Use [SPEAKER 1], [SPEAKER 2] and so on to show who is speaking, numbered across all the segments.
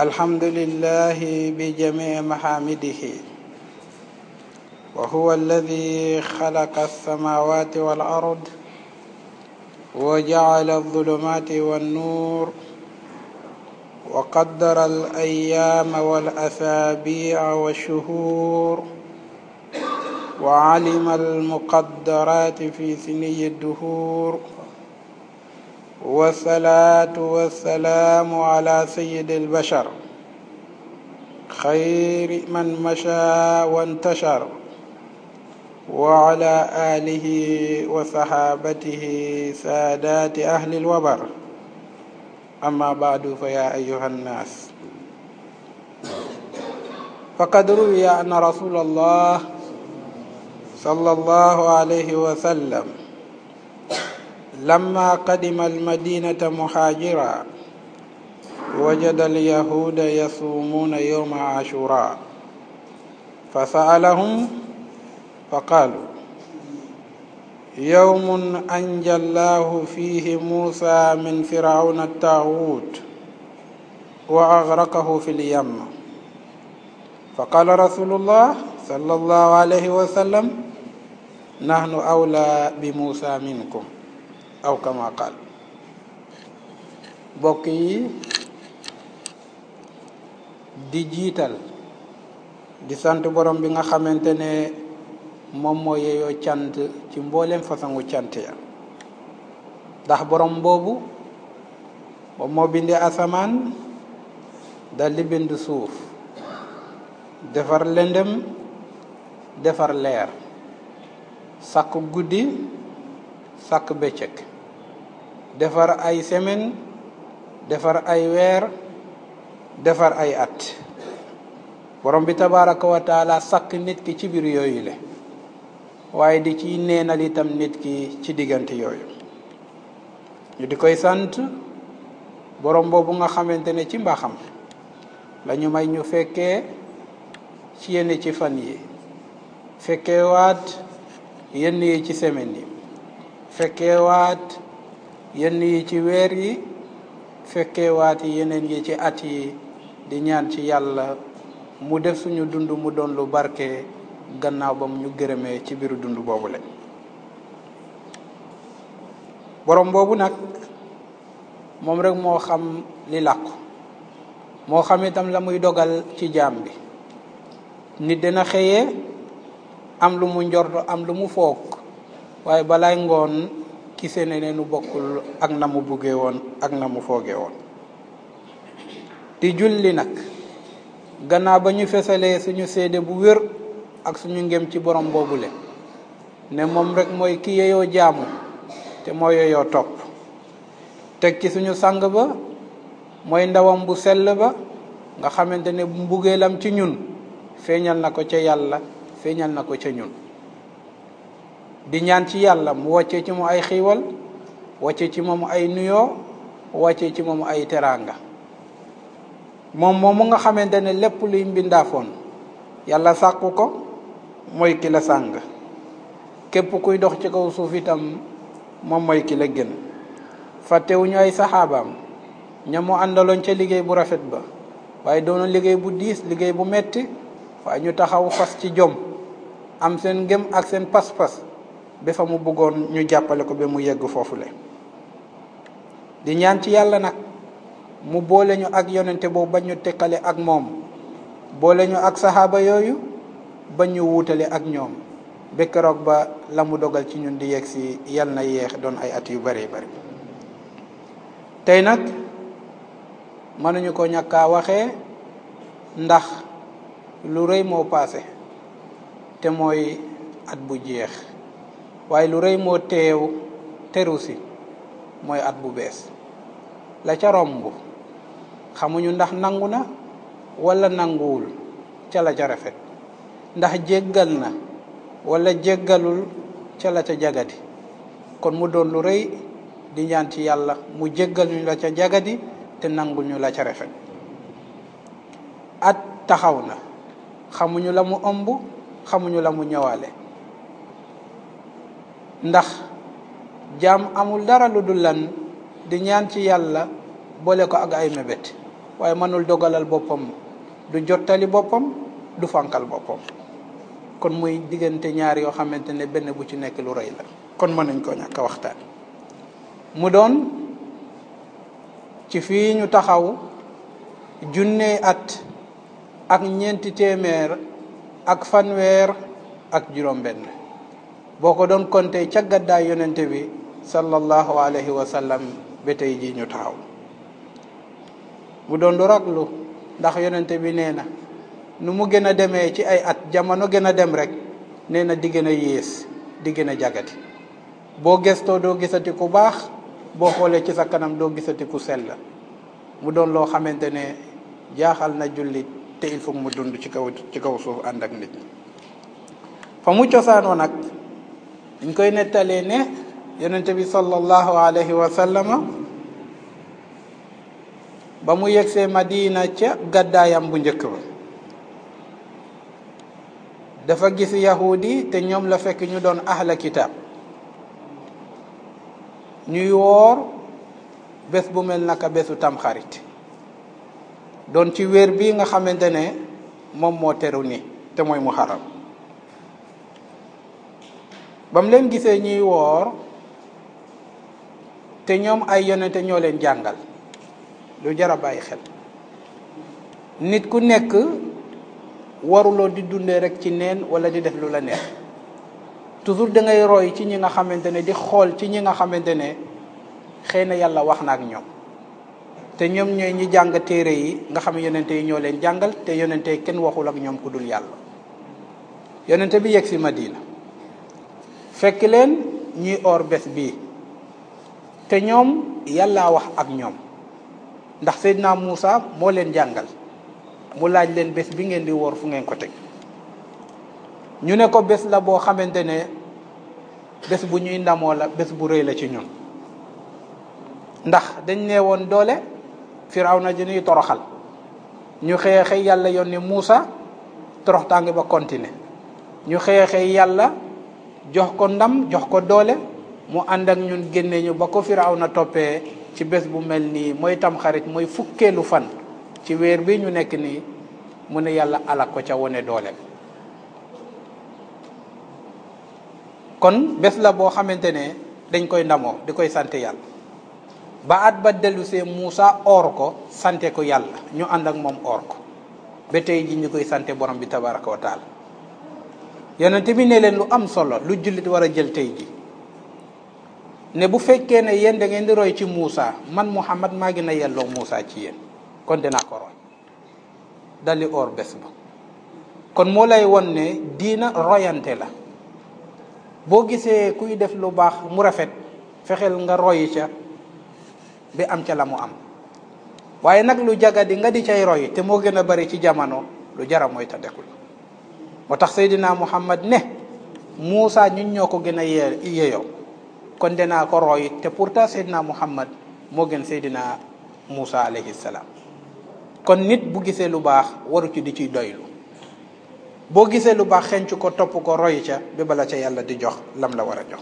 [SPEAKER 1] الحمد لله بجميع محامده وهو الذي خلق السماوات والأرض وجعل الظلمات والنور وقدر الأيام والأسابيع والشهور وعلم المقدرات في سني الدهور والصلاة والسلام على سيد البشر خير من مشى وانتشر وعلى آله وصحابته سادات أهل الوبر أما بعد فيا أيها الناس فقد روي أن رسول الله صلى الله عليه وسلم لما قدم المدينة مهاجرا وجد اليهود يصومون يوم عاشوراء فسألهم فقالوا يوم أنجى الله فيه موسى من فرعون الطاغوت وأغرقه في اليم فقال رسول الله صلى الله عليه وسلم نحن أولى بموسى منكم aw kama qaal bokk yi di jiital di sant borom bi nga xamante ne moom moo yeyoo cant ci mbooleem façongu cant ya ndax borom boobu moom moo bindi asamaan dal di bind suuf defar lëndëm defar leer sàkk guddi sàkk bëccëg defar ay semaine defar ay weer defar ay at borom bi tabaraka wa taala nit ki ci biir yooyu le waaye di ci neenal itam nit ki ci diggante yooyu ñu di koy sant borom boobu nga xamante ne ci mbaxam la may ñu fekkee ci yenn ci fan yi fekkee waat yenn yi ci semaine yi fekkee waat yenn yi ci weer yi fekkeewaat yi yeneen yi ci at yi di ñaan ci yàlla mu def suñu dund mu doon lu barke gannaaw ba mu ñu gërëmee ci biiru dund boobu la borom boobu nag moom rek moo xam li làkku moo xam itam la muy dogal ci jaam bi nit dana xëyee am lu mu njorto am lu mu foog waaye balaay ngoon kii ne ne nu bokkul ak na mu buggee woon ak na mu fooge woon di julli nag gannaaw ba ñu fesalee suñu seede bu wér ak suñu ngëm ci borom boobule ne moom rek mooy ki yeyoo jaamu te moo yeyoo topp teg ci suñu sang ba mooy ndawam bu sell ba nga xamante ne mbugeelam ci ñun feeñal na ko ca yàlla feeñal na ko ca ñun di ñaan ci yàlla mu wàccee ci mu ay xiiwal wàcce ci moom ay nuyoo wàcce ci moom ay teraanga moom moom mu nga xamante ne lépp luy mbindaafoon yàlla sàkku ko mooy ki la sàng képp kuy dox ci kaw suuf itam moom mooy ki la gën fàttewuñu ay saxaabaam ñamu mu àndaloon ca liggéey bu rafet ba waaye doonoon liggéey bu diis liggéey bu metti waaye ñu taxaw fas ci jom am seen ngëm ak seen pas-pas ba fa mu bëggoon ñu jàppale ko ba mu yegg foofule di ñaan ci yàlla nag mu boole ñu ak yonente boobu ba ñu teqale ak moom boole ñu ak saxaaba yooyu ba ñu wuutale ak ñoom ba keroog ba la mu dogal ci ñun di yegg si yàlla na yéex doon ay at yu bëree bëri tey nag mënuñu ko ñàkkaa waxee ndax lu rëy moo paase te mooy at bu jeex waaye lu rëy moo teew teru mooy at bu bees la ca romb xamuñu ndax nangu na walla nanguwul ca la ca rafet ndax jéggal na wala jéggalul ca la ca jagadi kon mu doon lu rëy di ñaan ci yàlla mu jéggal ñu la ca jagadi te nangul ñu la ca rafet at taxaw na xamuñu la mu ëmb xamuñu la mu ñëwaale ndax jaam amul dara lu dul lan di ñaan ci yàlla boole ko ak ay mébét waaye mënul dogalal boppam du jottali boppam du fànkal boppam kon muy diggante ñaar yoo xamante ne benn bu ci nekk lu rëy la kon mën nañ koo ñàkk waxtaan mu doon ci fii ñu taxaw junne at ak ñeenti téeméer ak fanweer ak juróom benn boko ɗon konte caggatda yonente ɓe sallllahu alayhi wa sallam ɓe tey jiño taw mu ɗon ɗo raglu ndax yonente ɓe nena nu mu gena deme ci ay at jamano gena dem rek nena digena yees digena jagati bo gesto do gisati ku baax bo xoole ci sa kanam do gisati ku sella mu ɗon loo xamante ne jaaxal na jullit te il faut mu dund ci kaw ci kaw suuf ànd ak nit fa mu cosaanoo nag dañ koy nettalee ne yonente bi sallallahu alayhi wa sallama ba mu yegsee madina ca gàddaayam bu njëkk ba dafa gis yahudi te ñoom la fekk ñu doon ahla kitab ñuy woor bés bu mel naka bésu tamxarit doon ci wér bi nga xamante ne moom moo teru ni te mooy muharram ba mu leen gisee ñuy woor te ñoom ay yonente ñoo leen jàngal lu jar a bàyyi nit ku nekk waruloo di dundee rek ci neen wala di def lu la neex toujours dangay ngay roy ci ñi nga xamante ne di xool ci ñi nga xamante ne xëy na yàlla wax na ak ñoom te ñoom ñooy ñi jàng téere yi nga xam yonente yi ñoo leen jàngal te yonente kenn waxul ak ñoom ku dul yàlla yonente bi yegg si Madina fekk leen ñuy or bés bii te ñoom yàlla wax ak ñoom ndax naa Muusa moo leen jàngal mu laaj leen bés bi ngeen di woor fu ngeen ko teg ñu ne ko bés la boo xamante ne bés bu ñuy ndamoo la bés bu rëy la ci ñun ndax dañ ne woon doole Firawna dañuy toroxal ñu xëye yàlla yoon yónni Muusa torox ba continuer ñu xëye yàlla jox ko ndam jox ko doole mu ànd ak ñun génne ñu ba ko na toppee ci bés bu mel nii mooy tamxarit mooy fukkeelu fan ci weer bi ñu nekk nii mu ne yàlla alak ko ca wone doole kon bés la boo xamante ne dañ koy ndamoo di koy sant yàlla ba at ba dellusee Muusa oor ko sante ko yàlla ñu ànd ak moom oor ko ba tey ji ñu koy sante borom bi tabaraka wa yonente bi ne leen lu am solo lu jullit war a jël tey ji ne bu fekkee ne yéen da ngeen di roy ci muusa man Muhammad maa ngi na yelloo Moussa ci yéen kon dinaa ko roy dali or bés ba kon moo lay won ne diina royante la boo gisee kuy def lu baax mu rafet fexeel nga royi ca bi am ca la mu am waaye nag lu jagadi nga di cay roy te moo gën a bari ci jamono lu jara mooy ta moo tax Seydina Muhammad ne Muusa ñu ñoo ko gën a yee yeeyoo kon dinaa ko roy te pourtant Seydina Muhammad moo gën Seydina Muusa alayhi salaam kon nit bu gisee lu baax waru ci di ciy doylu boo gisee lu baax xenc ko topp ko roy ca bi bala ca yàlla di jox lam la war a jox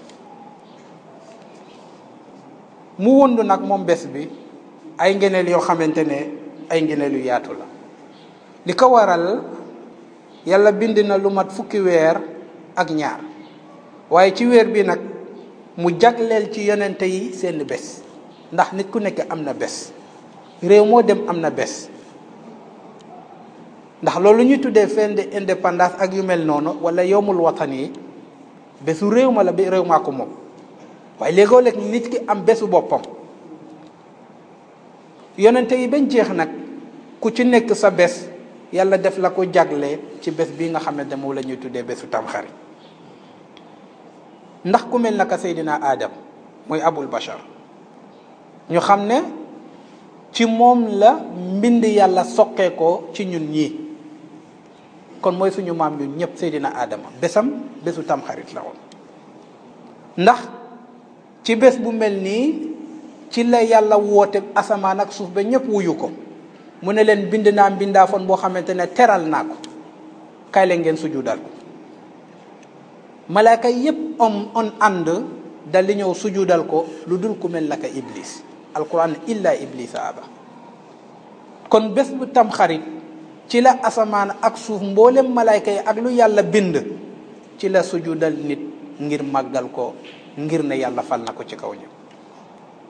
[SPEAKER 1] mu wund nag moom bés bi ay ngeneel yoo xamante ne ay ngeneel yu yaatu la li ko waral yàlla bind na lu mat fukki weer ak ñaar waaye ci weer bi nag mu jagleel ci yonente yi seen bés ndax nit ku nekk am na bés réew moo dem am na bés ndax loolu ñuy tuddee fin de indépendance ak yu mel noonu wala yowmul watan yi bésu réew ma la bi réew maa ko moom waaye léegoo léeg nit ki am bésu boppam yonente yi bañ jeex nag ku ci nekk sa bés yàlla def la ko jagle ci bés bi nga xamante dama la ñuy tuddee bésu tamxarit ndax ku mel naka sayidina adam mooy abul bachar ñu xam ne ci moom la mbind yàlla soqee ko ci ñun ñii kon mooy suñu maam ñun ñëpp seydina adama bésam bésu tamxarit la woon ndax ci bés bu mel nii ci la yàlla woote asamaan ak suuf ba ñëpp wuyu ko mu ne leen bind naa mbindaafoon boo xamante ne teral naa ko kay leen ngeen sujudal ko malaaka yépp om on ànd dal li ñëw sujudal ko lu dul ku mel naka iblis alquran illa iblisa aba kon bés bu tamxarit ci la asamaan ak suuf mboolem malaayka yi ak lu yàlla bind ci la sujudal nit ngir màggal ko ngir ne yàlla fal na ko ci kaw ñu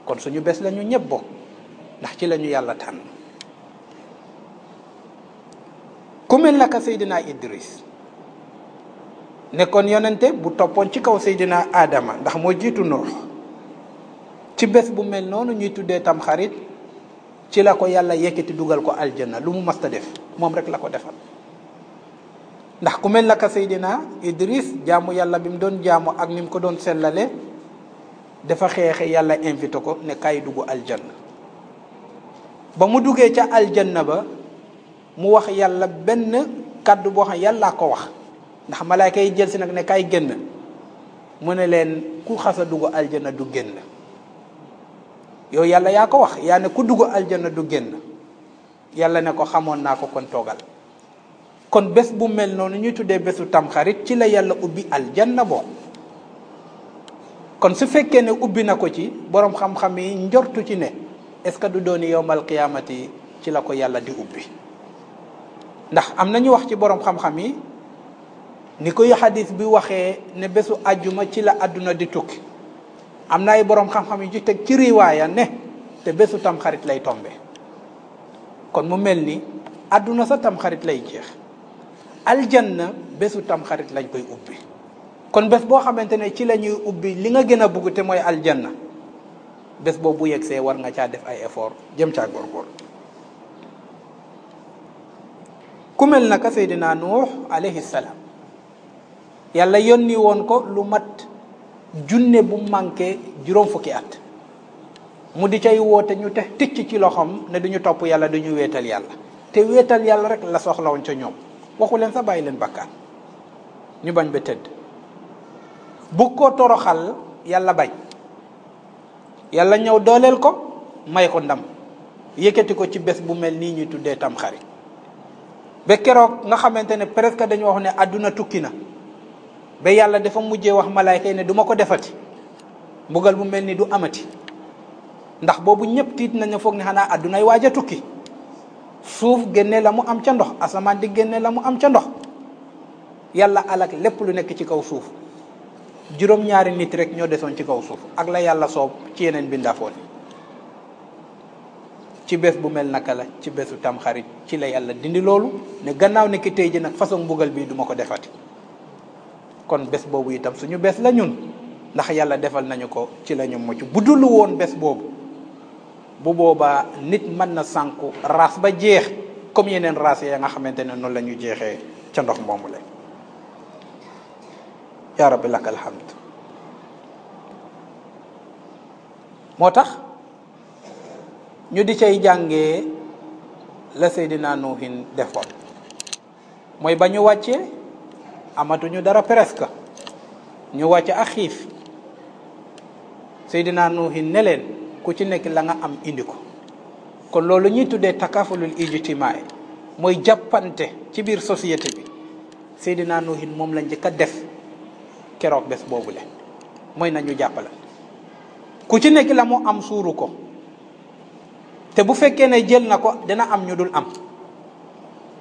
[SPEAKER 1] kon suñu bés la ñu ñëpp bokk ndax ci lañu ñu yàlla tànn ku mel naka Seydina Idris nekkoon yonente bu toppoon ci kaw Seydina Adama ndax moo jiitu Nuux ci bés bu mel noonu ñuy tuddee tam xarit ci la ko yàlla yekkati dugal ko aljanna lu mu masta def moom rek la ko defal ndax ku mel naka Seydina Idris jaamu yàlla bi mu doon jaamu ak ni mu ko doon sellale dafa xeexe yàlla invité ko ne kaay dugg aljanna ba mu duggee ca aljanna ba mu wax yàlla benn kàddu boo xam yàllaa ko wax ndax malaayka kay jël si nag ne kaay génn mu ne leen ku xasa dugg aljana du génn yow yàlla yaa ko wax yaa ne ku dugg aljana du génn yàlla ne ko xamoon naa ko kon toogal kon bés bu mel noonu ñuy tuddee bésu tamxarit ci la yàlla ubbi aljanna boo kon su fekkee ne ubbi na ko ci boroom xam-xam yi njortu ci ne est-ce que du dooni yowmal qiyaamati ci la ko yàlla di ubbi ndax am na ñu wax ci borom xam-xam yi ni koy xadis bi waxee ne bésu àjjuma ci la àdduna di tukki am na ay boroom xam-xam yu ci teg ci riwaaya ne te bésu tamxarit lay tombe kon mu mel ni àdduna sa tamxarit lay jeex aljanna bésu tamxarit lañ koy ubbi kon bés boo xamante ne ci la ñuy ubbi li nga gën a bugg te mooy na bés boobu bu yegsee war nga caa def ay effort jëm ca góorgóor ku mel naka Seydina Nuux alayhi salaam yàlla yónni woon ko lu mat junne bu manqué juróom fukki at mu di cay woote ñu te ticc ci loxoom ne duñu topp yàlla duñu wéetal yàlla te wéetal yàlla rek la soxlawoon ca ñoom waxu leen sa bàyyi leen bakkaan ñu bañ ba tëdd bu ko toroxal yàlla bañ yàlla ñëw dooleel ko may ko ndam yëkkati ko ci bés bu mel nii ñuy tuddee tam xarit ba keroog nga xamante ne presque dañu wax ne àdduna tukki na ba yàlla dafa mujjee wax malaayka yi ne duma ma ko defati mbugal mu mel ni du amati ndax boobu ñëpp tiit nañu foog ne xanaa àddunay waaj a tukki suuf génne la mu am ca ndox asamaan di génnee la mu am ca ndox yàlla alak lépp lu nekk ci kaw suuf juróom-ñaari nit rek ñoo desoon ci kaw suuf ak la yàlla soob ci yeneen bindaafoon ci bés bu mel naka la ci bésu tamxarit ci la yàlla dindi loolu ne gannaaw ne ki tey ji nag façon mbugal bii duma ko defati kon bés boobu itam suñu bés la ñun ndax yàlla defal nañu ko ci lañu ñu bu dul woon bés boobu bu boobaa nit mën na sànku ras ba jeex comme yeneen ras ya nga xamante ne noonu lañu jeexee ca ndox moomu la yaa rabbi lakal hamd moo tax ñu di cay jàngee la Seydina Nuuhin defoon mooy ba ñu wàccee amatuñu dara presque ñu wàcce a xiif Seydina Nuuhin ne leen ku ci nekk la nga am indi ko kon loolu ñuy tuddee takafulul ijtimaay mooy jàppante ci biir société bi Seydina Nuuhin moom la njëkk a def keroog bés boobu le mooy nañu jàppale ku ci nekk la mu am suuru ko te bu fekkee ne jël na ko dana am ñu dul am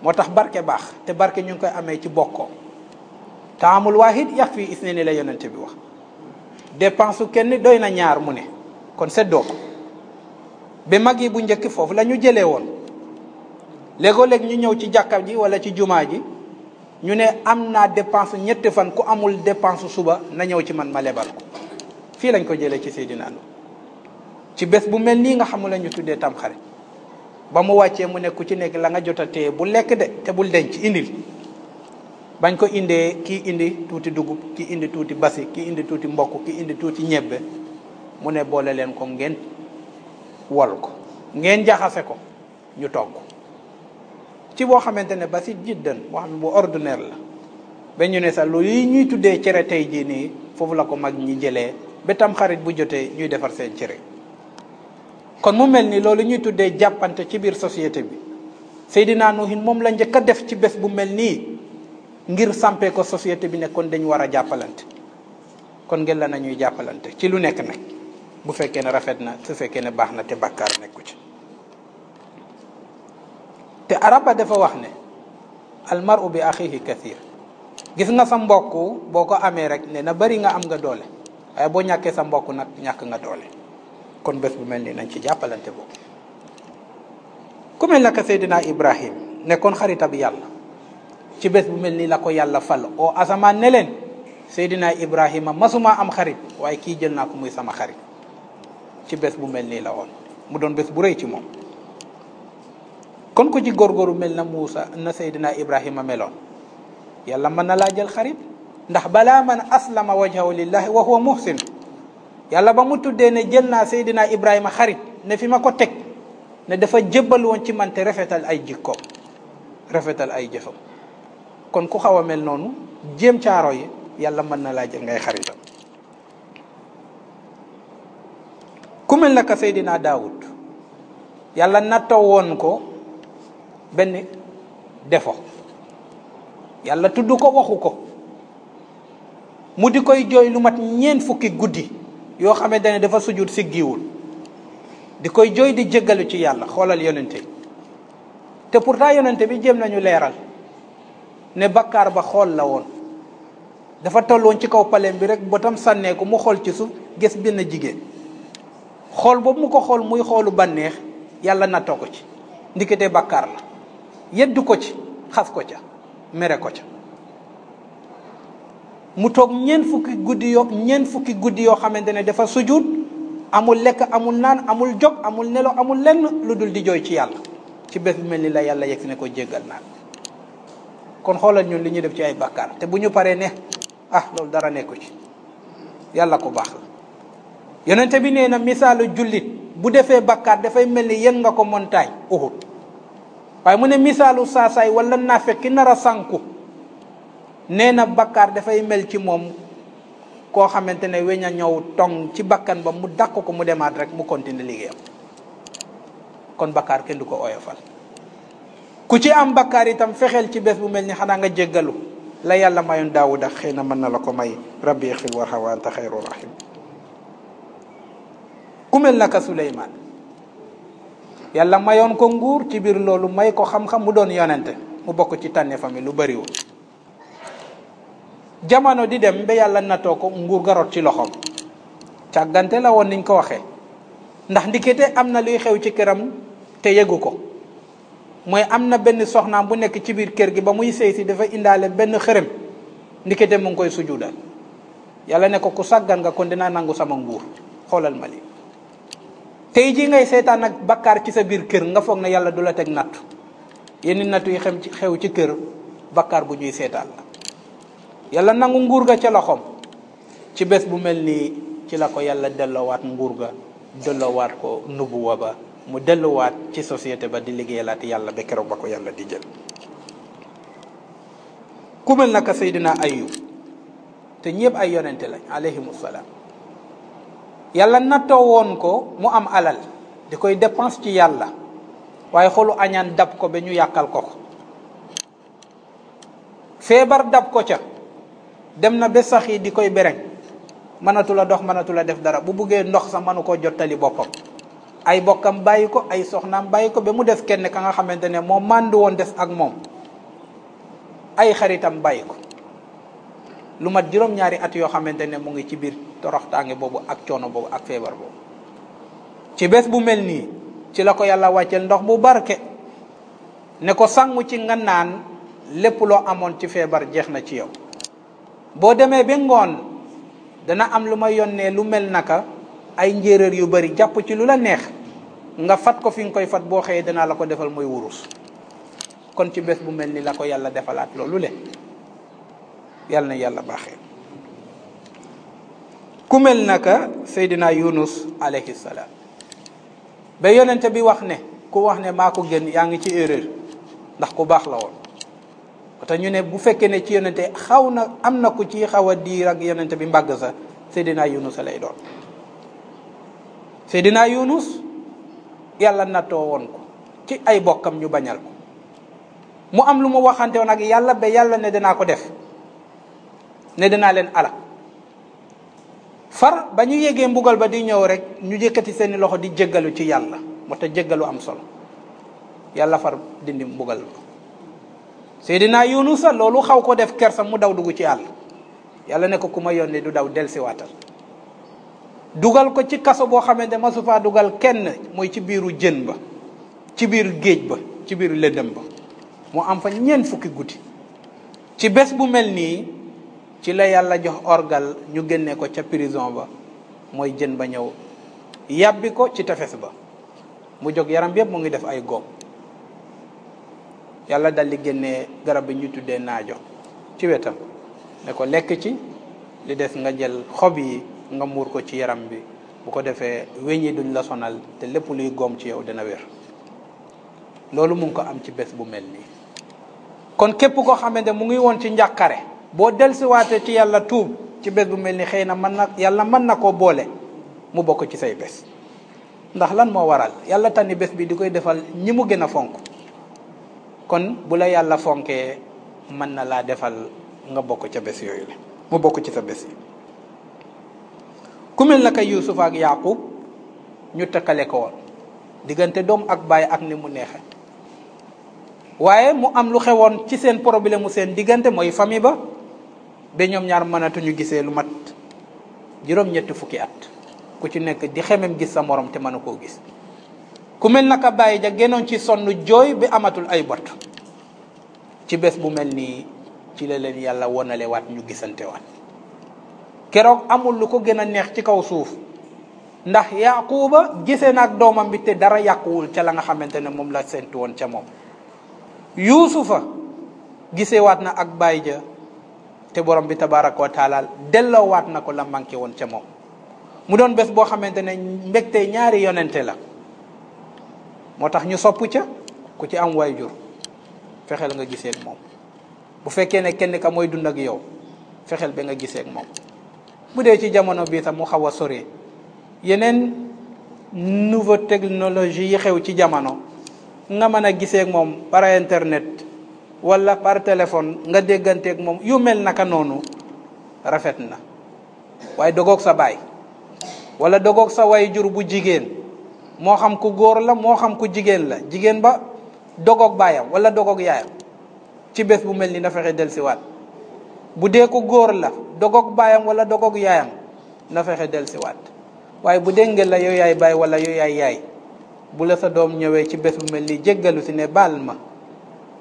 [SPEAKER 1] moo tax barke baax te barke ñu ngi koy amee ci bokkoo taamul waahid yax fii isnayni la yonente bi wax dépense su kenn doy na ñaar mu ne kon seddoo ko ba mag yi bu njëkk foofu la ñu jëlee woon léegoo léeg ñu ñëw ci jàkka ji wala ci jumaa ji ñu ne am naa dépense ñetti fan ku amul dépense suba na ñëw ci man ma lebal ko fii lañ ko jëlee ci Seydina ci bés bu mel nii nga xam la ñu tuddee tamxare ba mu wàccee mu nekk ci nekk la nga jota tee bu lekk de te bul denc indil bañ ko indee kii indi tuuti dugub kii indi tuuti basi kii indi tuuti mbokk kii indi tuuti ñebbe mu ne boole leen ko ngeen wal ko ngeen jaxase ko ñu togg ci boo xamante ne basi jiddan boo xam ne bu ordinaire la ba ñu ne sax lu yi ñuy tuddee cere tey ji nii foofu la ko mag ñi jëlee ba tam xarit bu jotee ñuy defar seen cere kon mu mel ni loolu ñuy tuddee jàppante ci biir société bi Seydina Nuhin moom la njëkk a def ci bés bu mel nii ngir sampee ko société bi ne kon dañ war a jàppalante kon ngeen la nañuy jàppalante ci lu nekk nag bu fekkee ne rafet na su fekkee ne baax na te bàkkaar nekku ci te araba dafa wax ne almaru bi axihi kathir gis nga sa mbokk boo ko amee rek ne na bari nga am nga doole waaye boo ñàkkee sa mbokk nag ñàkk nga doole kon bés bu mel ni nañ ci jàppalante boobu ku mel naka seydina ibrahim xarita bi yàlla ci bés bu mel ni la ko yàlla fal oo asamaan ne leen seydina ibrahima masuma am xarit waaye kii jël naa ko muy sama xarit ci bés bu mel la woon mu doon bés bu rëy ci moom kon ko ci góorgóoru mel na muusa na seydina ibrahima meloon yàlla mën na laa jël xarit ndax balaa man aslama wajhahu lillahi wa huwa muhsin yàlla ba mu tuddee ne jël naa Seydina Ibrahima xarit ne fi ma ko teg ne dafa jébbal woon ci man te rafetal ay jikkoom rafetal ay jëfam kon ku xaw a mel noonu jéem caaro yi yàlla mën na laa jël ngay xaritam ku mel na naka Seydina Daawud yàlla nattoo woon ko benn defo yàlla tudd ko waxu ko mu di koy jooy lu mat ñeent fukki guddi yoo xamante ne dafa si siggiwul di koy jooy di jéggalu ci yàlla xoolal yonente te pourtant yonente bi jéem nañu leeral ne bakkaar ba xool la woon dafa tolloon ci kaw paleem bi rek boo tam ko mu xool ci suuf gis benn jigéen xool boobu mu ko xool muy xoolu bànneex yàlla nattoo ko ci ndikete bakkaar la yeddu ko ci xas ko ca mere ko ca mu toog ñeent fukki guddi yoo ñeent fukki guddi yoo xamante ne dafa sujud amul lekk amul naan amul jog amul nelaw amul lenn lu dul di jooy ci yàlla ci bés bi mel ni la yàlla yegg ne ko jéggal naa kon xoolal ñun li ñu def ci ay bàkkaar te bu ñu paree ne ah loolu dara nekku ci yàlla ko baax la yonente bi nee na misaalu jullit bu defee bàkkaar dafay mel ni yéen nga ko montagne Uhud waaye mu ne misaalu saasaay wala naa fekk nar a sànku nee na bakkaar dafay mel ci moom koo xamante ne weñ a ñëw tong ci bakkan ba mu dàq ko mu demaat rek mu continuer liggéeyam kon bakkaar kenn du ko oyofal ku ci am bakkaar itam fexeel ci bés bu mel ni xanaa nga jéggalu la yàlla mayoon daawuda xëy na mën na la ko may rabbi ixfir warxam wa anta xayru rahim ku mel naka suleymaan yàlla mayoon ko nguur ci biir loolu may ko xam-xam mu doon yonente mu bokk ci tànne lu bariwul jamono di dem ba yàlla natoo ko nguur ga ci loxoom càggante la woon niñ ko waxee ndax ndikete am na luy xew ci këram te yëgu ko mooy am na benn soxnaam bu nekk ci biir kër gi ba muy sëy si dafa indaale benn xërëm ndikete mu ngi koy sujudal yàlla ne ko ku sàggan nga kon dinaa nangu sama nguur xoolal ma li tey jii ngay seetaan ak bakkaar ci sa biir kër nga foog ne yàlla du la teg nattu yenn nattu yi xew ci xew ci kër bakkaar bu ñuy seetaan la yàlla nangu nguur ga ca loxoom ci bés bu mel nii ci la ko yàlla dellowaat nguur ga delloowaat ko nubuwa ba mu dellowaat ci société ba di liggéeyalaat yàlla ba keroog ba ko yàlla di jël ku mel naka Seydina Ayub te ñëpp ay yonente lañ alayhimu yàlla nattoo woon ko mu am alal di koy dépense ci yàlla waaye xolu añaan dab ko ba ñu yàkkal ko ko feebar dab ko ca dem na ba di koy bereng mana la dox manatu la def dara bu bugge ndox sa manuko jotali bopam ay bokam bayiko ko ay soxnam bayiko ko mu def kenn ka nga xamantene mo mandu won def ak mom ay xaritam bayiko ko lu mat ñaari at yo xamantene mo ngi ci torox toroxtaange bobu ak ciono bobu ak febar bobu ci bes bu melni ci la ko yalla wàcceel ndox bu barke ne ko sangu ci nga naan lepp lo amoon ci febar jeexna ci yow boo demee ba ngoon dana am lu ma yónnee lu mel naka ay njéeréer yu bari jàpp ci lu la neex nga fat ko fi nga koy fat boo xëyee danaa la ko defal mooy wurus kon ci bés bu mel ni la ko yàlla defalaat loolu le yàlla na yàlla baaxee ku mel naka Seydina Yunus alayhi salaam ba yonente bi wax ne ku wax ne maa ko gën yaa ngi ci erreur ndax ku baax la woon te ñu ne bu fekkee ne ci yonente xaw na am na ku ci xaw a diir ak yonente bi mbàgg sa Seydina Yunus lay doon Seydina Yunus yàlla nattoo woon ko ci ay bokkam ñu bañal ko mu am lu mu waxante woon ak yàlla ba yàlla ne danaa ko def ne danaa leen alak far ba ñu yégee mbugal ba di ñëw rek ñu jëkkati seeni loxo di jéggalu ci yàlla moo tax jéggalu am solo yàlla far dindi mbugal ba Seydina Yunusa loolu xaw ko def kersam mu daw dugg ci àll yàlla ne ko ku ma yónni du daw dellusiwaatal dugal ko ci kaso boo xamante masu faa dugal kenn mooy ci biiru jën ba ci biir géej ba ci biir lëndëm ba mu am fa ñeent fukki guddi ci bés bu mel nii ci la yàlla jox orgal ñu génne ko ca prison ba mooy jën ba ñëw yàbbi ko ci tefes ba mu jóg yaram yépp mu ngi def ay góob yàlla dal di génne garab bi ñu tuddee naajo ci wetam ne ko lekk ci li des nga jël xob yi nga muur ko ci yaram bi bu ko defee weñ yi duñ la sonal te lépp luy goom ci yow dana wér loolu mu ngi ko am ci bés bu mel nii kon képp koo xamante mu ngi woon ci njàqare boo delsiwaatee ci yàlla tuub ci bés bu mel ni xëy na mën na yàlla mën na koo boole mu bokk ci say bés ndax lan moo waral yàlla tànni bés bi di koy defal ñi mu gën a fonk kon bu la yàlla fonkee mën na laa defal nga bokk ca bés yooyu la mu bokk ci sa bés yi ku mel na kay Yuusuf ak Yaaqub ñu tëkkale ko woon diggante doom ak baay ak ni mu neexe waaye mu am lu xewoon ci seen problème mu seen diggante mooy famille ba ba ñoom ñaar mënatuñu gisee lu mat juróom-ñetti fukki at ku ci nekk di xemem gis sa morom te mën a koo gis ku mel naka bàyyi ja génnoon ci sonn jooy bi amatul ay bot ci bés bu mel nii ci la leen yàlla wonale waat ñu gisante waat keroog amul lu ko gën a neex ci kaw suuf ndax yaquba gisee ak doomam bi te dara yàquwul ca la nga xamante ne moom la séntu woon ca moom yuusufa gisee waat na ak bàyyi ja te borom bi tabaraka wa taala delloo waat na ko la manqué woon ca moom mu doon bés boo xamante ne mbégte ñaari yonente la moo tax ñu sopp ca ku ci am waay jur fexeel nga gisee moom bu fekkee ne kenn ka mooy dund ak yow fexeel bi nga giseek moom bu dee ci jamono bii tam mu xaw a sori yeneen nouveau technologie yi xew ci jamono nga mën a gisee moom par internet wala par téléphone nga dégganteek moom yu mel naka noonu rafet na waaye dogook sa baay wala dogoog sa waay jur bu jigéen moo xam ku góor la moo xam ku jigéen la jigéen ba dogoog baayam wala dogoog yaayam ci bés bu mel ni na fexe delsiwaat bu dee ku góor la dogoog baayam wala dogoog yaayam na fexe delsiwaat waaye bu dee ngeen la yow yaay baay wala yow yaay yaay bu la sa doom ñëwee ci bés bu mel ni jéggalu si ne baal ma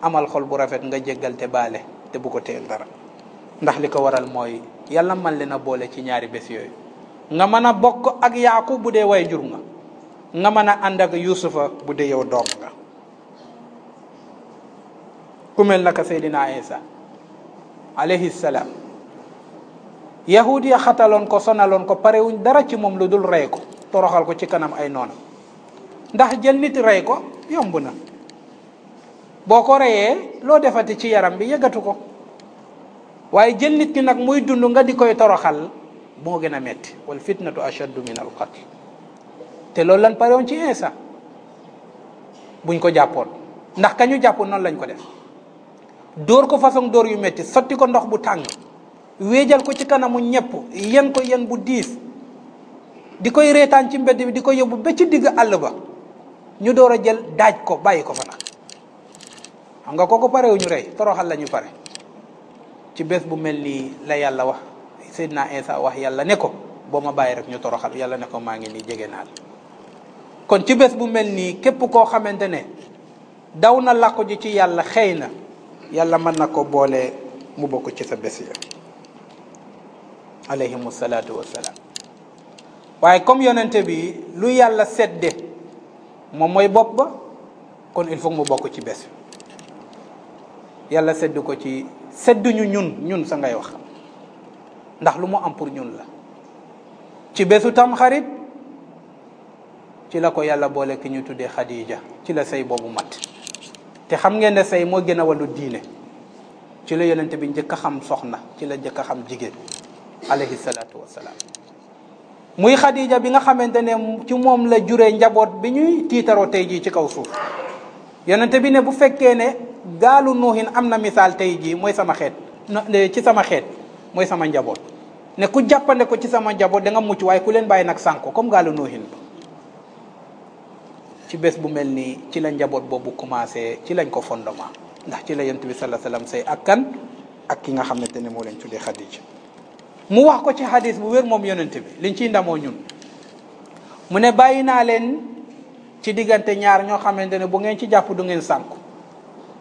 [SPEAKER 1] amal xol bu rafet nga jéggal te baale te bu ko teel dara ndax li ko waral mooy yàlla man leen a boole ci ñaari bés yooyu nga mën a bokk ak yaaku bu dee way jur nga nga mën a ànd ak yusufa bu dee yow doom nga ku mel na Seydina Isa alayhi salaam yahud ya xataloon ko sonaloon ko parewuñ dara ci moom lu dul rey ko toroxal ko ci kanam ay noonam ndax jël nit rey ko yomb na boo ko reyee loo defati ci yaram bi yëgatu ko waaye jël nit ki nag muy dund nga di koy toroxal moo gën a metti wal fitnatu ashaddu min al qatl te loolu lan pare woon ci insa buñ ko jàppoon ndax kañu jàppoon noonu lañ ko def dóor ko façon dóor yu metti sotti ko ndox bu tàng wéejal ko ci kanamu ñepp yen ko yen bu diis di koy reetaan ci mbedd bi di ko yóbbu ba ci digg àll ba ñu door a jël daaj ko bàyyi ko fa nag xam nga kooku pare ñu rey toroxal lañu paré ci bés bu mel nii la yàlla wax seydna insa wax yàlla ne ko boo ma rek ñu toroxal yàlla ne ko maa ngi nii jege kon ci bés bu mel nii képp koo xamante ne daw na làqu ji ci yàlla xëy na yàlla mën na ko boole mu bokk ci sa bés ya alayhimu salaatu wassalaam waaye comme yonente bi lu yàlla sedde moom mooy bopp ba kon il faut mu bokk ci bés yàlla sedd ko ci sedduñu ñun ñun sa ngay wax ndax lu mu am pour ñun la ci bésu tam xarit ci la ko yàlla boole ki ñu tuddee Khadija ci la sëy boobu mat te xam ngeen ne sëy moo gën a wàllu diine ci la yonente bi njëkk a xam soxna ci la jëkk a xam jigéen alayhi salaatu wassalaam muy xadiija bi nga xamante ne ci moom la jure njaboot bi ñuy tiitaroo tey jii ci kaw suuf yonente bi ne bu fekkee ne gaalu nuuhin am na misaal tey jii mooy sama xeet ci sama xeet mooy sama njaboot ne ku jàppande ko ci sama njaboot da nga mucc waaye ku leen bàyyi comme gaalu nuuhin ba ci bes bu mel ni ci la njabot boobu commencé ci lañ ko fondement ndax ci la yonent bi sala sallam say ak kan ak ki nga xamante ne moo leen tuddee xadija mu wax ko ci hadis bu wér moom yonent bi liñ ciy ndamoo ñun mu ne bàyyi naa leen ci diggante ñaar ñoo xamante ne bu ngeen ci jàpp du ngeen sànku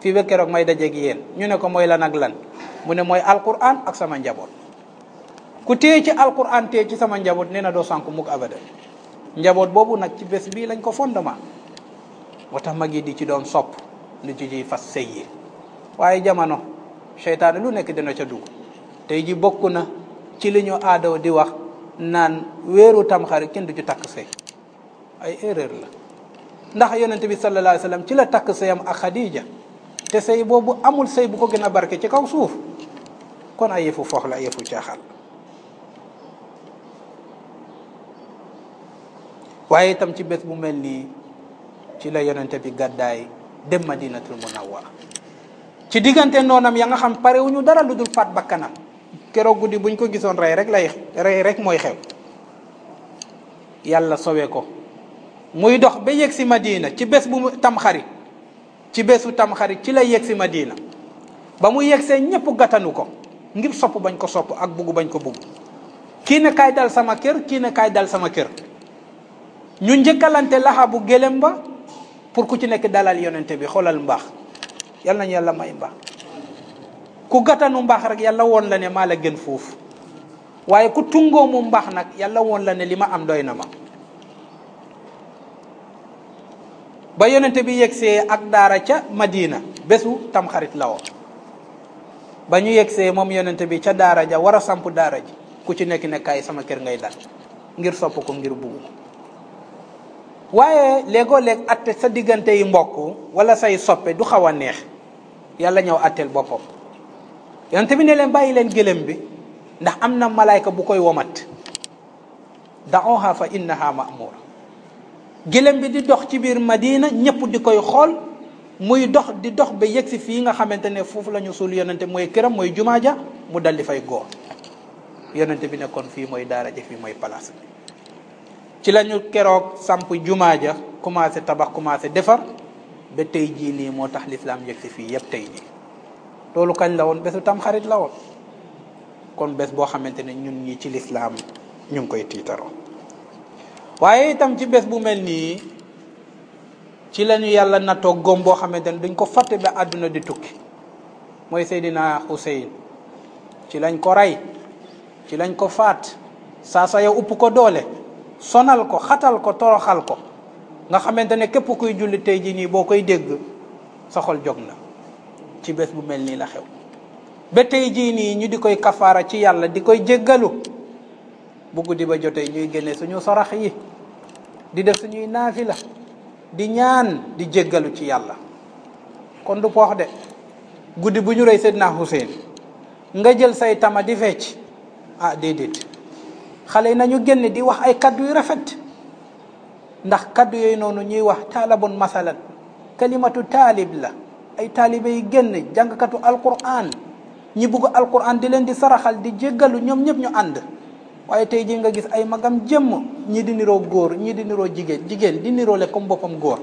[SPEAKER 1] fi may yéen ñu ne ko mooy lan ak lan mu ne mooy alquran ak sama njaboot ku téye ci alquran téye ci sama njaboot nee na doo sànku mukk abada njaboot boobu nag ci bés bii lañ ko fondement moo tax mag yi di ci doon sopp lu ci ciy fas sëy yi waaye jamono seytaane lu nekk dina ca dugg tey ji bokk na ci li ñu aadaw di wax naan weeru tamxarit kenn du ci takk sëy ay erreur la ndax yonente bi sallallahu alayhi ci la takk sëyam ak Xadija te sëy boobu amul sëy bu ko gën a barke ci kaw suuf kon ay yëfu foox la ay yëfu caaxaan waaye itam ci bés bu mel nii ci la yonente bi gàddaay dem ma madinatul munawwara ci diggante noonam ya nga xam pare wu ñu dara lu dul faat bakkanam keroog guddi buñ ko gisoon rey rek lay rey rek mooy xew yàlla sowe ko muy dox ba yegg si madina ci bés bu tamxarit ci bésu tamxarit ci lay yegg si madina ba mu yegsee ñëpp gàttanu ko ngir sopp bañ ko sopp ak bugg bañ ko bugg kii ne kaay dal sama kër kii ne kaay dal sama kër ñu njëkkalante laxa bu ba pour ku ci nekk dalal yonente bi xoolal mbaax yal nañu yàlla may mbaax ku gàttanu mbaax rek yàlla woon la ne maa la gën foofu waaye ku tungoo mu mbaax nag yàlla woon la ne li ma am doy na ma ba yonente bi yegsee ak daara ca Madina bésu tamxarit la woon ba ñu yegsee moom yonente bi ca daara ja war a samp daara ji ku ci nekk nekkaay sama kër ngay dal ngir sopp ko ngir bugg waaye léegoo-léeg atte sa diggante yi mbokk wala say soppe du xaw a neex yàlla ñëw atteel boppam yonent bi ne leen bàyyi leen gëlëm bi ndax am na malaayka bu koy womat daoha fa innaha maamura gëlëm bi di dox ci biir madina ñëpp di koy xool muy dox di dox ba yegg si fii nga xamante ne foofu lañu ñu suul yonente mooy këram mooy jumaa ja mu dal di fay góor yonente bi ne kon fii mooy daara ja fii mooy palaas ci lañu keroog samp juma ja commencé tabax commencé defar ba tey jii nii moo tax lislaam yegg si fii besutam tey jii kañ la woon besu tam xarit la woon kon bes boo xamante ne ñun ñi ci lislaam ñu ngi koy tiitaroo waaye itam ci bés bu mel nii ci lañu yàlla natoo gom boo xamante ne dañ ko fàtte ba àdduna di tukki mooy seydina Hussein ci lañ ko rey ci lañ ko faat saa sa yow upp ko doole sonal ko xatal ko toroxal ko nga xamante ne képp kuy julli tey jii nii boo koy dégg sa xol jóg na ci bés bu mel nii la xew ba tey jii nii ñu di koy kafaara ci yàlla di koy jéggalu bu guddi ba jotee ñuy génne suñu sorax yi di def suñuy la di ñaan di jéggalu ci yàlla kon du poox de guddi bu ñu rey Seydina Hussein nga jël say tama di fecc ah déedéet xale nañu génn di wax ay kàddu yu rafet ndax kàddu yooyu noonu ñuy wax taalabun masalan kalimatu taalib la ay taalibe yi génn jàngkatu alquran ñi bugg alquran di leen di saraxal di jéggalu ñoom ñëpp ñu ànd waaye tey jii nga gis ay magam jëmm ñi di niroo góor ñi di niroo jigéen jigéen di niroole comme boppam góor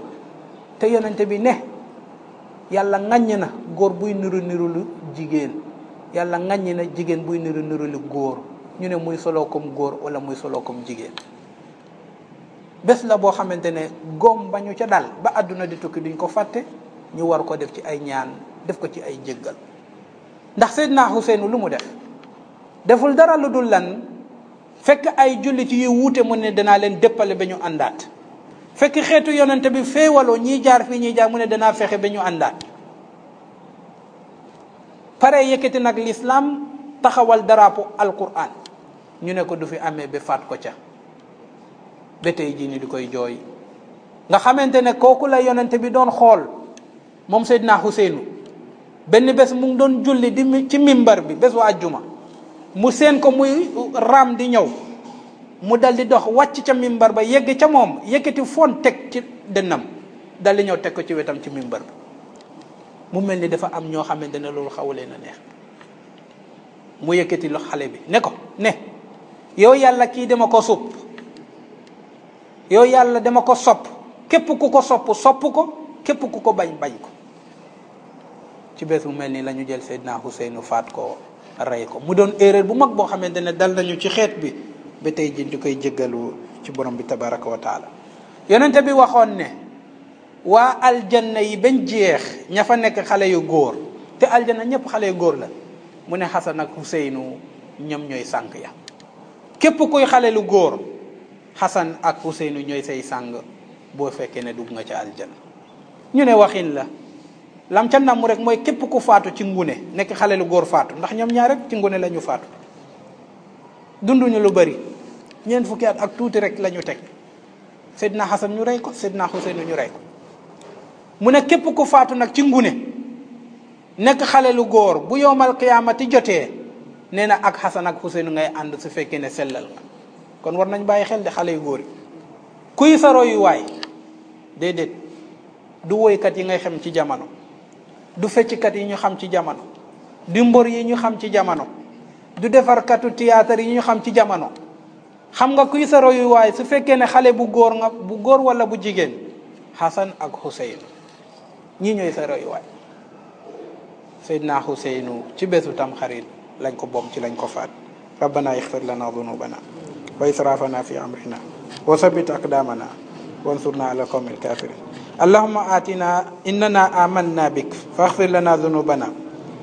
[SPEAKER 1] te yonente bi ne yàlla ŋàññ na góor buy niru niru lu jigéen yàlla ŋàññ na jigéen buy niru niru lu góor ñu ne muy solo comme góor wala muy solo comme jigéen bés la boo xamante ne goom ba ca dal ba àdduna di tukki duñ ko fàtte ñu war ko def ci ay ñaan def ko ci ay jéggal ndax seydna xuseenu lu mu def deful dara lu dul lan fekk ay julli ci yu wuute mu ne danaa leen dëppale ba ñu àndaat fekk xeetu yonente bi féewaloo ñii jaar fii ñii jaar mu ne danaa fexe ba ñu àndaat pare yëkkati nag l'islam taxawal darapo alquran ñu ne ko du fi amee ba faat ko ca ba tey jii ni di koy jooy nga xamante ne kooku la yonente bi doon xool moom Seydina Huseynu benn bés mu doon julli di ci mimbar bi bés bésu àjjuma mu seen ko muy raam di ñëw mu dal di dox wàcc ca mimbar ba yegg ca moom yëkkati foon teg ci dënnam daldi ñëw teg ko ci wetam ci mimbar bi mu mel ni dafa am ñoo xamante ne loolu xawulee na neex mu yëkkati lo xale bi ne ko ne yow yàlla kii dama ko supp yow yàlla dama ko sopp képp ku ko sopp sopp ko képp ku ko bañ bañ ko ci bés bu mel nii la ñu jël Seydina Huseynu faat ko rey ko mu doon erreur bu mag boo xamante ne dal nañu ci xeet bi ba tey ji ñu koy jéggalu ci borom bi tabaraka wa taala yonente bi waxoon ne waa aljanna yi bañ jeex ña fa nekk xale yu góor te aljanna ñëpp xale yu góor la mu ne Xasan ak Huseynu ñoom ñooy sànq ya képp kuy xale lu góor xasan ak Ousseynou ñooy say sàng boo fekkee ne dugg nga ca aljana ñu ne waxin la lam ca namm rek mooy képp ku faatu ci ngune nekk xale lu góor faatu ndax ñoom ngune la ñu dunduñu lu bari ñeent fukki ak tuuti rek la teg Seydina Xasan ñu rey ko Seydina Ousseynou ñu rey ko mu ne képp ku faatu nag ci ngune nekk xale góor bu yowmal qiyaamati jotee nee na ak xasan ak xuseenu ngay ànd su fekkee ne sellal nga kon war nañ bàyyi xel de xale yu góor yi kuy sa royuwaay déedéet du woykat yi ngay xam ci jamono du fecckat yi ñu xam ci jamono du mbor yi ñu xam ci jamono du defarkatu théâtre yi ñu xam ci jamono xam nga kuy sa royuwaay su fekkee ne xale bu góor nga bu góor walla bu jigéen xasan ak xuseyn ñii ñooy sa royuwaay Seydina Xuseynu ci besu tam xarit لن كبوم تلن كفات ربنا يغفر لنا ذنوبنا وإسرافنا في أمرنا وثبت أقدامنا وانصرنا على القوم الكافرين اللهم آتنا إننا آمنا بك فاغفر لنا ذنوبنا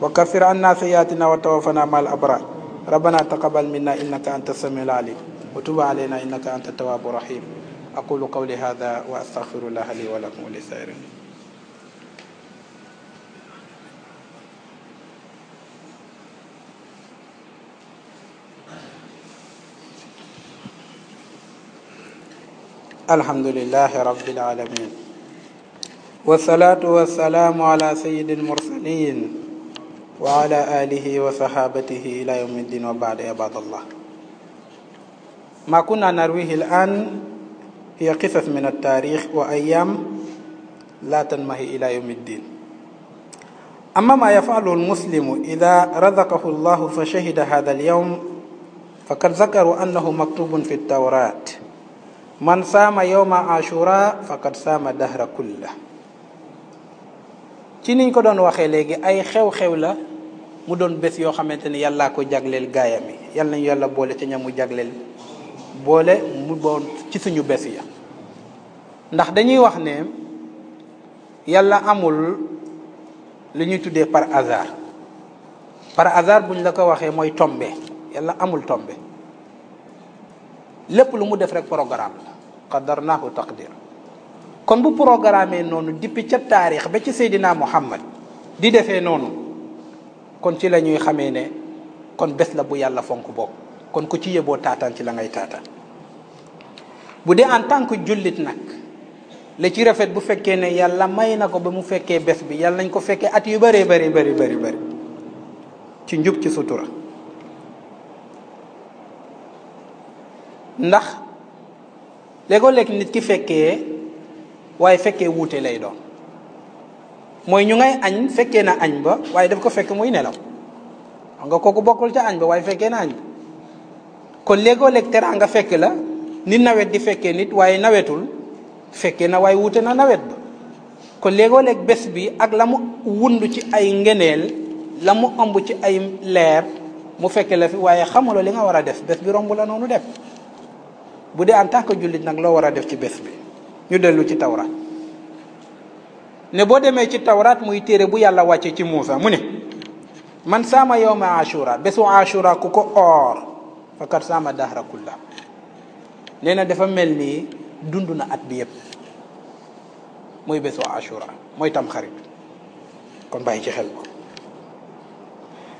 [SPEAKER 1] وكفر عنا سيئاتنا وتوفنا مع الأبرار ربنا تقبل منا إنك أنت السميع العليم وتب علينا إنك أنت التواب الرحيم أقول قولي هذا وأستغفر الله لي ولكم ولسائر المسلمين الحمد لله رب العالمين والصلاة والسلام على سيد المرسلين وعلى آله وصحابته إلى يوم الدين وبعد عباد الله ما كنا نرويه الآن هي قصص من التاريخ وأيام لا تنمهي إلى يوم الدين أما ما يفعله المسلم إذا رزقه الله فشهد هذا اليوم فقد ذكروا أنه مكتوب في التوراة man saama yowma ashura faqad saama dahra la ci niñ ko doon waxee léegi ay xew-xew la mu doon bés yoo xamante ni yàllaa ko jagleel gaayam yi yal nañu yàlla boole ci ñamu jagleel boole mu boon ci suñu bés ya ndax dañuy wax ne yàlla amul li ñuy tuddee par hasard par hasard buñ la ko waxee mooy tombe yàlla amul tombe lépp lu mu def rek programme la qadarnaahu taqdir kon bu programmee noonu dippi ca taarix ba ci Seydina Muhammad di defee noonu kon ci la ñuy xamee ne kon bés la bu yàlla fonk boobu kon ku ci yeboo taataan ci la ngay taataan bu dee en tant que jullit nag la ci rafet bu fekkee ne yàlla may na ko ba mu fekkee bés bi yàlla nañ ko fekkee at yu bëree bari bëri bëri bëri ci njub ci sutura ndax léegoo lekk nit ki fekkee waaye fekkee wuute lay doon mooy ñu ngay añ fekkee na añ ba waaye daf ko fekk muy nelaw xam nga kooku bokkul ca añ ba waaye fekkee na añ ba kon léegoo léeg teraanga fekk la ni nawet di fekkee nit waaye nawetul fekkee na waaye wuute na nawet ba kon léegoo léeg bés bi ak la mu wund ci ay ngeneel la mu ëmb ci ay leer mu fekke la fi waaye xamuloo li nga war a def bés bi romb la noonu def bu dee en tant que jullit nag loo war a def ci bés bi ñu dellu ci tawraat ne boo demee ci tawraat muy téere bu yàlla wàccee ci Muusa mu ne man saama yowma ashura bésu ashura ku ko oor fakat saama dahra kulla nee na dafa mel ni dund na at bi yëpp mooy bésu ashura mooy tam xarit kon bàyyi ci xel ko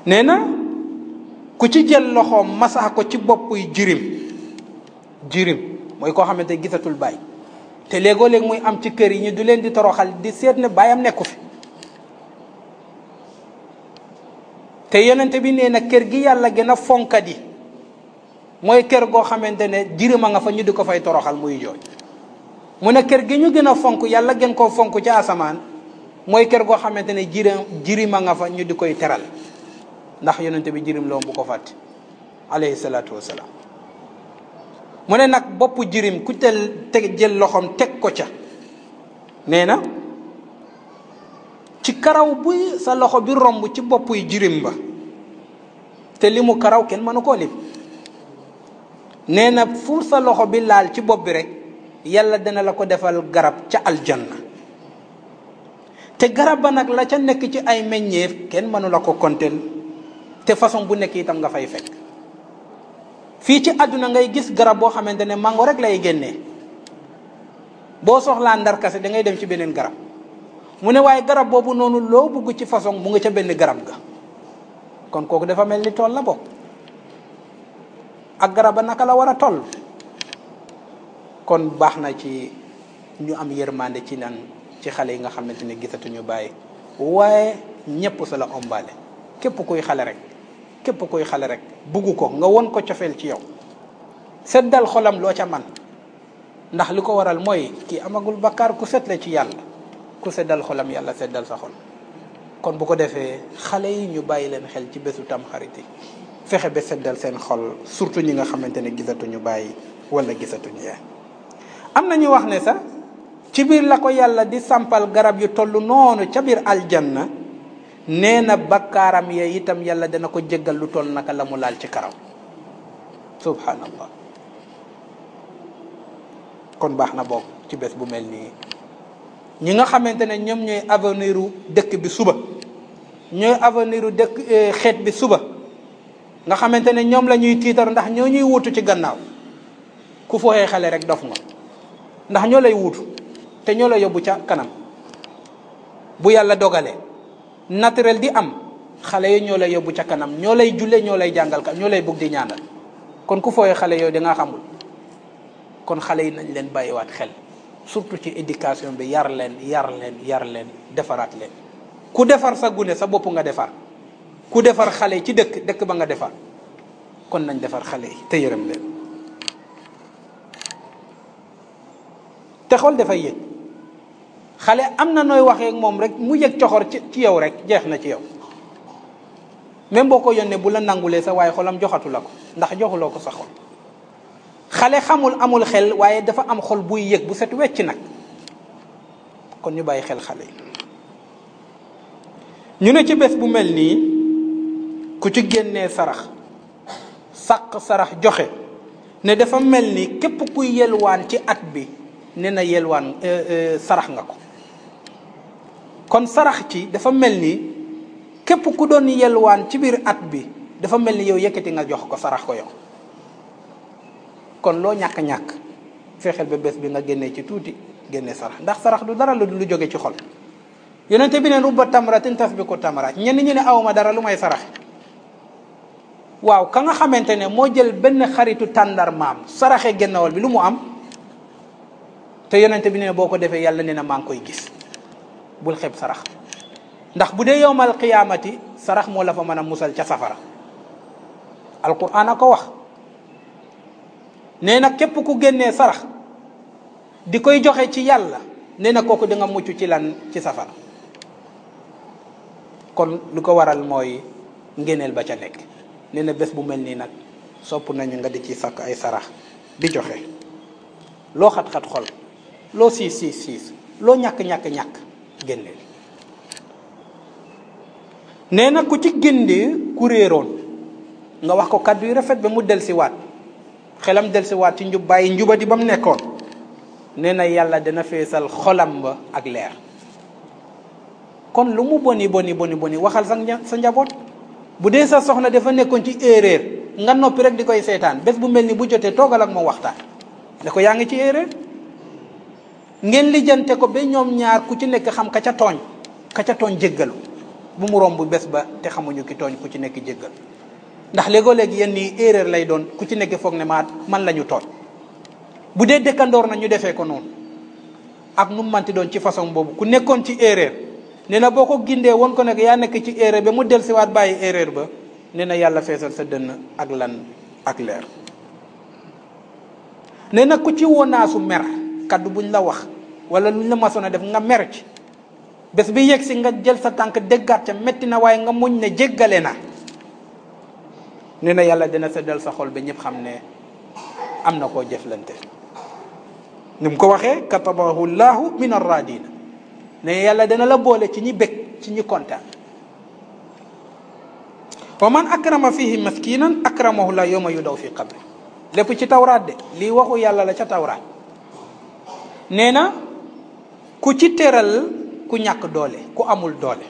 [SPEAKER 1] nee na ku ci jël loxoom masax ko ci boppuy jirim jirim mooy koo xamante ne gisatul baay te léegoo léeg muy am ci kër yi ñu du leen di toroxal di seet ne baayam nekku fi te yonente bi nee na kër gi yàlla gën a fonkat yi mooy kër goo xamante ne jirim a nga fa ñu di ko fay toroxal muy jooy mu ne kër gi gën a fonk yàlla gën koo fonk ci asamaan mooy kër goo xamante ne jirim jirim a nga fa di koy teral ndax yonente bi jirim loom bu ko fàtte alayhi salaatu wasalaam mu ne nag boppu jirim ku tel te jël loxoom teg ko ca nee na ci karaw bu sa loxo bi romb ci boppuy jirim ba te li mu karaw kenn mënu koo lim nee na fu sa loxo bi laal ci bopp bi rek yàlla dana la ko defal garab ca aljanna te garab ba nag la ca nekk ci ay meññeef kenn mënu la ko konteel te façon bu nekk itam nga fay fekk fii ci àdduna ngay gis garab boo xamante ne mango rek lay génne boo soxlaa ndarkase da ngay dem ci beneen garab mu ne waaye garab boobu noonu loo bugg ci façon mu nga ca benn garab ga kon kooku dafa mel ni tool la bokk ak garab ba naka la war a toll kon baax na ci ñu am yërmande ci naan ci xale yi nga xamante ne gisatuñu bàyyi waaye ñëpp sa la ombaale képp kuy xale rek képp koy xale rek bugg ko nga won ko cofeel ci yow seddal xolam loo ca man ndax li ko waral mooy kii amagul bakkaar ku set la ci yàlla ku seddal xolam yàlla seddal sa xol kon bu ko defee xale yi ñu bàyyi leen xel ci bésu tamxarit yi fexe ba seddal seen xol surtout ñi nga xamante ne gisatuñu bàyyi wala gisatuñu yaay am na ñu wax ne sax ci biir la ko yàlla di sampal garab yu toll noonu ca biir aljanna nee na bakkaaram ya itam yàlla dana ko jéggal lu toll naka la mu laal ci karaw subhanallah kon baax na boog ci bés bu mel nii ñi nga xamante ne ñoom ñooy avenir dëkk bi suba ñooy avenir u dëkk eh, xeet bi suba nga xamante ne ñoom la ñuy tiitar ndax ñoo ñuy wutu ci gannaaw ku fooxee xale rek dof nga ndax ñoo lay wutu te ñoo lay yóbbu ca kanam bu yàlla dogalee naturel di am xale yi ñoo lay yóbbu ca kanam ñoo lay julle ñoo lay jàngal ka ñoo lay bëgg di ñaanal kon ku fooyee xale yooyu dangaa xamul kon xale yi nañ leen bàyyiwaat xel surtout ci éducation bi yar leen yar leen yar leen defaraat leen ku defar sa gune sa bopp nga defar ku defar xale yi ci dëkk dëkk ba nga defar kon nañ defar xale yi te yërëm leen te xool dafay yëg xale am na nooy waxee ak moom rek mu yëg coxor ci ci yow rek jeex na ci yow même boo ko yónnee bu la nangulee sa waaye xolam joxatu la ko ndax joxuloo ko sa xol xale xamul amul xel waaye dafa am xol buy yëg bu set wecc nag kon ñu bàyyi xel xale yi ñu ne ci bés bu mel nii ku ci génnee sarax sàq sarax joxe ne dafa mel ni képp kuy yelwaan ci at bi ne na yelwaan sarax nga ko kon sarax ci dafa mel ni képp ku doon yelwaan ci biir at bi dafa mel ni yow yëkkati nga jox ko sarax ko yow kon loo ñàkk ñàkk fexel ba bés bi nga génnee ci tuuti génne sarax ndax sarax du dara lu lu jóge ci xol yonente bi ne rubba tamratin tasbiqu tamrat ñen ñi ne awuma dara lu may sarax waaw ka nga xamante ne moo jël benn xaritu tàndar maam saraxe gennawal bi lu mu am te yonente bi ne boo ko defee yàlla nee na maa ngi koy gis bul xeb sarax ndax bu dee yowmal qiyaamati sarax moo la fa mën a musal ca safara alquran a ko wax nee na képp ku génnee sarax di koy joxe ci yàlla nee na kooku di mucc ci lan ci safara kon lu ko waral mooy ngéneel ba ca nekk nee na bés bu mel nii nag sopp nañu nga di ci sàkk ay sarax di joxe loo xat-xat xol loo siis siis siis loo ñàkk ñàkk ñàkk génneel nee na ku ci génnee ku réeroon nga wax ko kàddu rafet ba mu del si waat xelam del si waat ci njub bàyyi njubadi ba mu nekkoon nee dana xolam ba ak kon lu mu boni boni boni boni waxal sa sa njaboot bu dee sa soxna dafa nekkoon ci erreur nga noppi rek di koy seetaan bu ni bu jotee toogal ak moom waxtaan ne ko yaa ci erreur ngeen lijjante ko ba ñoom ñaar ku ci nekk xam ka ca tooñ ka ca tooñ jéggalu bu mu romb bés ba te xamuñu ki tooñ ku ci nekk jéggal ndax léegoo léegi yenn yi erreur lay doon ku ci nekk foog ne maa man la ñu tooñ bu dee dëkkandoor na ñu defee ko noonu ak nu mu manti doon ci façon boobu ku nekkoon ci erreur nee na boo ko gindee woon ko nekk yaa nekk ci erreur ba mu dellusiwaat bàyyi erreur ba nee na yàlla feesal sa dënn ak lan ak leer nee na ku ci woonaasu mer kaddu buñ la wax wala luñ la masoon a def nga mer bés bi yegg si nga jël sa tànk déggaat ca metti na waaye nga muñ ne jéggale na nee na yàlla dina seddal sa xol ba ñëpp xam ne am na koo jëflante ni mu ko waxee katabahu llahu min arradina ne yàlla dana la boole ci ñi bég ci ñi kontaan wa man akrama fihi maskinan akramahu la yowma yu daw fi qabri lépp ci tawraat de lii waxu yàlla la ca tawraat nee na ku ci teral ku ñàkk doole ku amul doole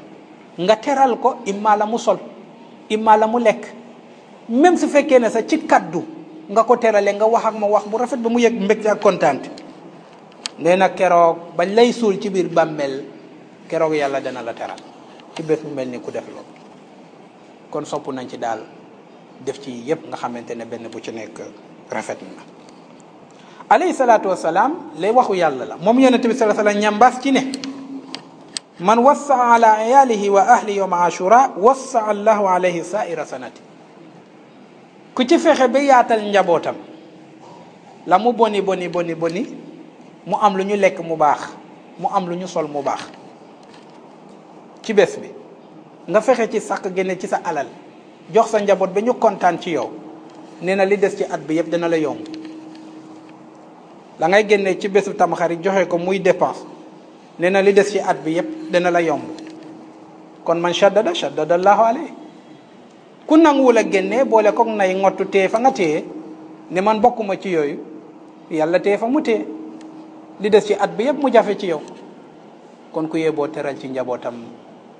[SPEAKER 1] nga teral ko imma la mu sol imma la mu lekk même su fekkee ne sax ci kaddu nga ko terale nga wax ak ma wax bu rafet ba mu yëg mbégte ak kontaante nee na keroog bañ lay suul ci biir bàmmeel keroog yàlla dana la teral ci bés mu mel ni ku def loolu kon sopp nañ ci daal def ci yépp nga xamante ne benn bu ci nekk rafet na عليه الصلاه والسلام لي واخو يالا لا موم يونس تبي صلى الله عليه وسلم نيامباس كي نه من وصى على عياله واهله يوم عاشوراء وصى الله عليه سائر سنته كو تي فخه بي ياتال نجابوتام لا مو بوني بوني بوني بوني مو ام لو ني ليك مو باخ مو ام لو ني سول مو باخ تي بيس بي nga fexé ci sak gene ci sa alal jox sa njabot bi ñu contane ci yow neena li dess ci at bi yeb dana la yomb la ngay génne ci bésu tamxarit joxe ko muy dépense nee na li des ci at bi yépp dana la yomb kon man shaddada shaddada allahu ku nanguwul a génne boole kook nay ngottu tee fa nga téye ne man bokkuma ci yooyu yàlla tee fa mu téye li des ci at bi yépp mu jafe ci yow kon ku boo teral ci njabootam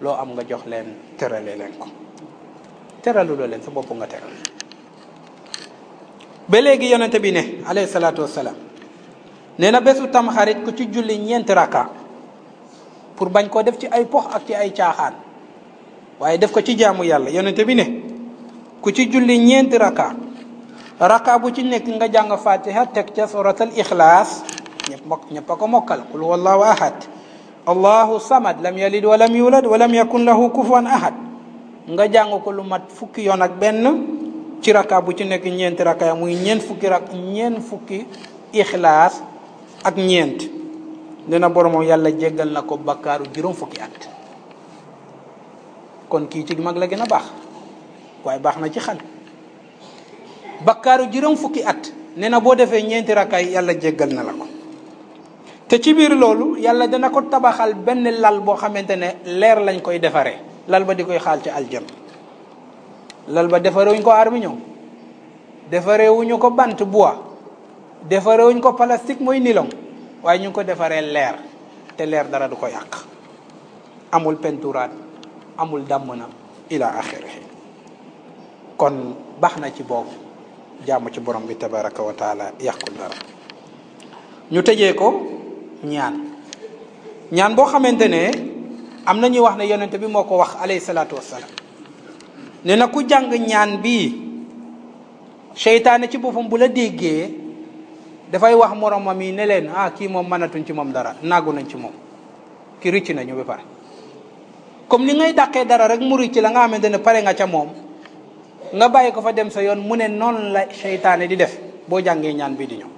[SPEAKER 1] loo am nga jox leen terale leen ko teraluloo leen sa bopp nga teral ba léegi yonente bi ne alayhi salaatu wassalaam Nenabes besu tam xarit ku ci julli ñent raka pour bañ ko def ci ay pox ak ci ay tiaxaan waaye def ko ci jaamu yàlla yonente bi ne ku ci julli ñent raka raka bu ci nekk nga jàng fatiha teg ca suratal ikhlas ñep mok ñep ko mokal qul wallahu ahad allahu samad lam yalid wa lam yulad wa lam yakun lahu kufuwan ahad nga jàng ko lu mat fukki yoon ak benn ci raka bu ci nekk ñent raka ya, muy ñen fukki rak ñen fukki ikhlas ak ñeent dina boromam yàlla jéggal na ko bakkaaru juróom fukki at kon kii ci mag la gën a baax waaye baax na ci xal bakkaaru juróom fukki at nee na boo defee ñeenti rakkaay yàlla jéggal na la ko te ci biir loolu yàlla dana ko tabaxal benn lal boo xamante ne leer lañ koy defaree lal ba di koy xaal ci aljam lal ba defaree ko armiño defaree wuñu ko bant bois defaree wuñ ko palastik mooy nilon waaye ñu ngi ko defaree leer te leer dara du ko yàq amul penturaat amul dàmm na ila axirihi kon baax na ci boobu jaamu ci borom bi tabaraka wa taala dara ñu tëjee ko ñaan ñaan boo xamante ne am na ñuy wax ne yonent bi moo ko wax aley salaatu wassalaam ne na ku jàng ñaan bi seytaane ci boppam bu la déggee dafay wax moromam yi ne leen ah kii moom mënatuñ ci moom dara naagu nañ ci moom ki ricc nañu ba pare comme ni ngay dàqee dara rek mu ricc la nga xamante ne pare nga ca moom nga bàyyi ko fa dem sa yoon mu ne noon la seytaane di def boo jàngee ñaan bi di ñëw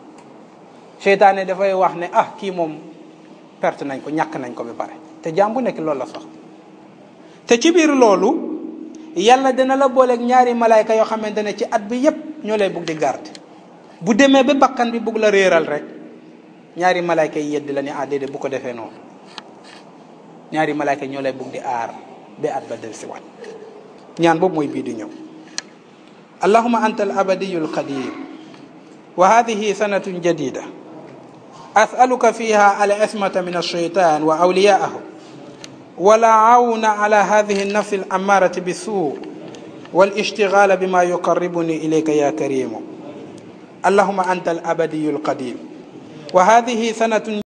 [SPEAKER 1] seytaane dafay wax ne ah kii moom perte nañ ko ñàkk nañ ko ba pare te jaam bu nekk loolu la sox te ci biir loolu yàlla na la booleeg ñaari malaayka yoo xamante ne ci at bi yépp ñoo lay bugg di garde bu demee ba bakkan bi bugg la réeral rek ñaari malaayka yi yedd la ni ah déedéet bu ko defee noonu ñaari malaayka ñoo lay bugg di aar be at ba del si wat ñaan boobu mooy bii di ñëw اللهم أنت الأبدي wa وهذه sanatun jadida أسألك فيها العصمة من الشيطان وأولياءه ولا عون على هذه النفس الأمارة بالسوء والاشتغال بما يقربني إليك يا كريم اللهم أنت الأبدي القديم وهذه سنة